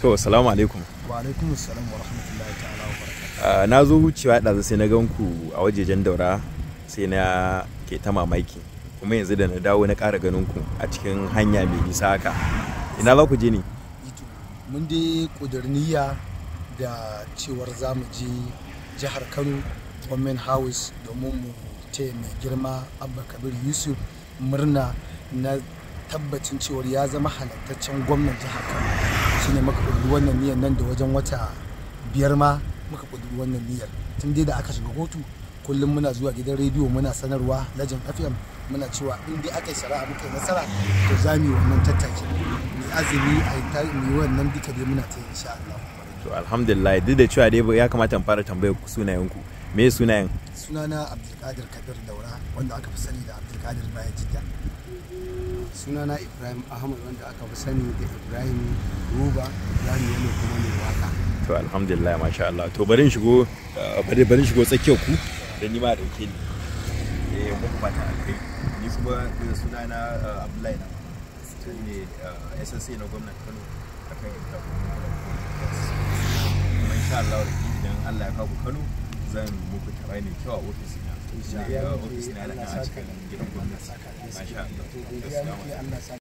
to assalamu alaikum wa alaikum assalam wa rahmatullahi ta'ala wa barakatuh ah, na zo wucewa da sai na gan ku a wajejen daura sai na ke ta mamaki kuma yanzu da na dawo na ƙara ganin ku a cikin hanya mai nisa haka ina za ku je ne mun dai ƙudurniyya da cewar za mu je jihar kano women house domin mu ce mai girma abba kabir yusuf murna na tabbacin cewar ya zama halattaccen gwamnan jihar kano ne muka ƙudiri wannan niyyar nan da wajen wata biyar ma muka ƙudiri wannan niyyar tun dai da aka shiga kotu kullum muna zuwa gidan rediyo muna sanarwa lajin fm muna cewa in dai aka yi shari'a muka yi nasara to za mu yi wannan tattaki mu azumi a yi wannan duka dai muna ta yi insha Allah. to alhamdulillah duk da cewa dai ya kamata in fara tambayar ku me sunayen sunana abdulkadir kabir daura wanda aka fi sani da abdulkadir bayan jidda sunana ibrahim ahmad wanda aka fi sani da ibrahim ruba ibrahim yana kuma mai waka to alhamdulillah masha Allah to barin shigo eh, bari barin shigo tsakiyar ku da ni ma dauke ni eh mu ba ta kai ni kuma da eh, sunana eh, Abdullahi na to ne SSA na gwamnati Kano akan ita kuma insha Allah idan Allah ya kawo Kano zan muku tara mai kyau a ofis na ofis na da a cikin gidan gwamnati